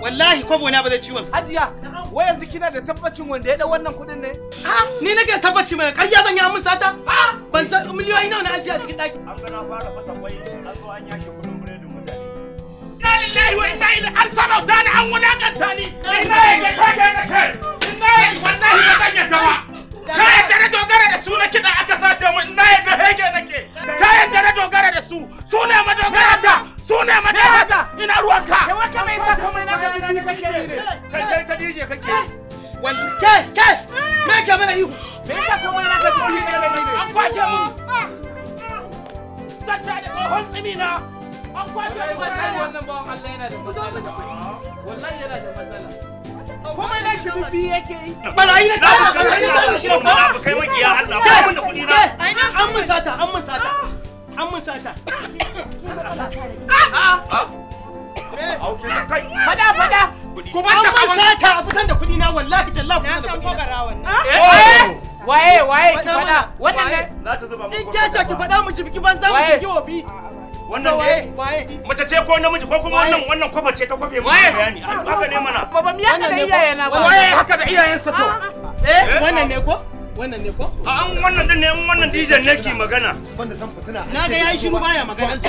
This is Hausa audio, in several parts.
Wallahi kwabo na ba zai ciwon. Hajiya, wai yanzu kina da tabbacin wanda ya da wannan kuɗin ne? A, ah, ni nake tabbaci mana ƙarya zan yi amin sata? A, ah! ban san miliyoyi nawa na ajiya cikin ɗaki. An gana fara fasa kwai, an zo an yake kuɗin biredin mutane. Ina lillahi wa ina ilaihi an sarauta ni an wulakanta ni. Ina yake kai kai da kai. Ina yake wallahi ba zan ne kake wallahi ke ke me ke mana me yasa na ka ne ne an kwashe mu zata da tsimi na an kwashe mu wannan Allah yana da matsala wallahi yana da matsala shi yi kai na wallahi tallahi na san ko barawan ah? eh, waye waye ki fada wannan ne za ta zuba in ke ce ki fada mu jibki ban za mu jibki obi wannan ne waye mace ce ko namiji ko kuma wannan wannan ce ta kwafe mu bayani haka ne mana baba da iyaye na ba waye haka da iyayen sa to eh? eh wannan ne ko wannan ne ko a an wannan din ne wannan DJ ne ki magana wanda san fitina na ga yayi shiru baya magana ce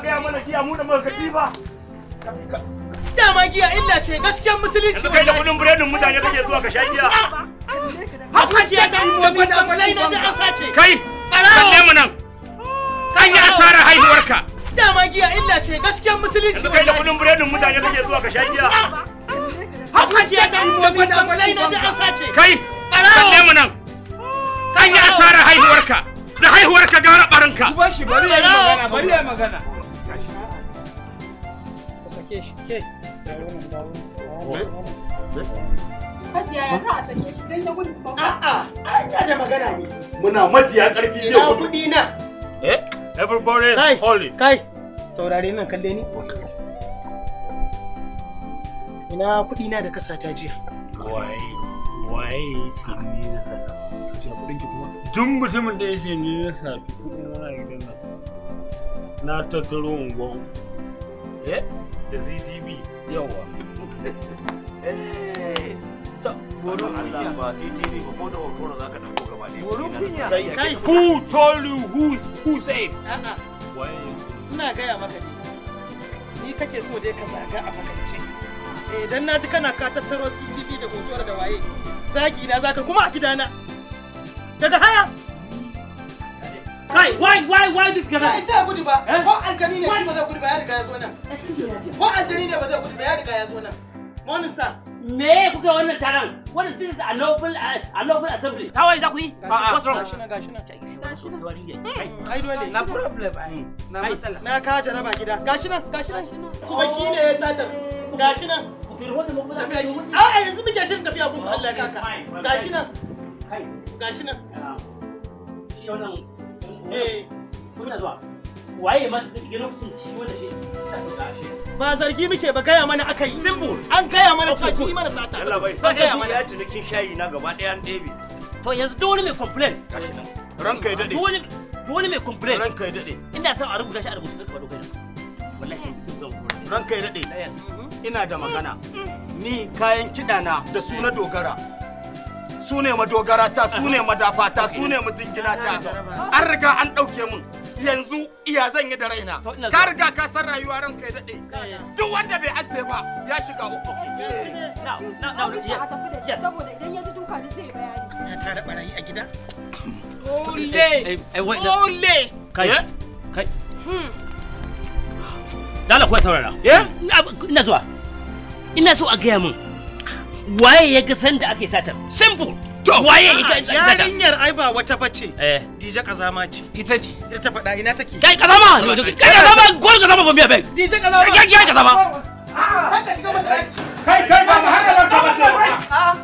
gaya mana giya mu da muka dama giya illa ce gaskiyar musulunci kai da kudin mutane kake zuwa ka sha giya haka na da ce kai kalle mu nan kan yi asara haihuwarka dama giya illa ce gaskiyar musulunci kai da kudin mutane kake zuwa ka sha giya haka na da ce kai kalle mu nan kan yi haihuwarka da haihuwarka gara barinka bari ya magana bari ya magana sake shi ya za a sake shi don ya gudu ba. A'a, an da magana ne. Muna majiya karfi zai gudu. Ina na. Eh? Everybody kai, holy. Kai, saurare nan kalle ni. Ina kuɗi na da kasata jiya. Waye, waye na sata. Jiya kuɗin ki kuma. Duk mutumin da ya ce ni na sata kuɗi na gidan nan. Na tattaro unguwa. Eh? da zzb yawa eh, Ba CTV ba ko ka gaba ne. Kai who told you who who said? Wai. Ina gaya Ni kake so dai ka a fakance. Eh, na ji kana ka tattaro CTV da hotuwar da waye. Zagi na zaka kuma a gidana. Daga haya. Kai, why, why, why this guy? Kai, sai gudu ba. Eh? Ko ne shi ba zai ba ya riga ya zo nan. Eh, Ko ne ba zai gudu ba ya riga ya zo nan. Morning, sir. Me wannan taron? Wannan this is a lawful a lawful assembly. Ta wai za ku yi? Ah, ah, what's wrong? Gashi nan, gashi nan. Gashi nan. Hmm. Ai dole. Na problem ai. Na matsala. Na ka jaraba gida. Kuma shi ne ya yanzu muke shirin tafiya Eh, waye ma ta kike lokacin shi wanda shi ba zargi muke ba gaya mana akai simple an gaya mana cewa ki mana sata Allah bai ta gaya mana ya cinikin shayi na gaba daya an ɗebe to yanzu dole mai complain ranka ya dade dole dole mai complain ranka ya dade ina son a rubuta shi a rubuta kuma dokai wallahi sai sun zan ranka ya dade ina da magana ni kayan kidana da su na dogara su ne madogarata su ne madafata su ne ta an riga an ɗauke mun yanzu iya zan yi da raina ka riga ka san rayuwa ranka ya daɗe duk wanda bai ajiye ba ya shiga uku ya hmm. dala kuwa saurara ina zuwa ina so a gaya min waye ya ga sanda ake satar simple to waye ya ga ah, yarinyar ai ba wata bace eh. dije kazama ce ita ce ita ta faɗa ina take kai kazama kai kazama gol kazama ba biya bai dije kazama kai kai kazama a'a ah, kai shiga mata kai kai ba ma haka ba bace a'a ah,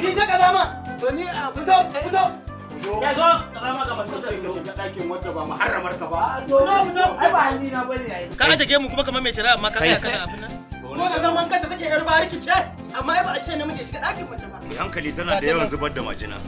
dije kazama to ni a fito fito ya zo kazama ga mutum sai ka dakin wanda ba ka ba ai ba hali na bane ai ka take mu kuma kamar mai shari'a amma ka kai kana abin nan ko da zaman kanta take yar bariki ce amma ba a ce namiji shiga ɗakin mace ba. Mai hankali tana da yawan zubar da majina.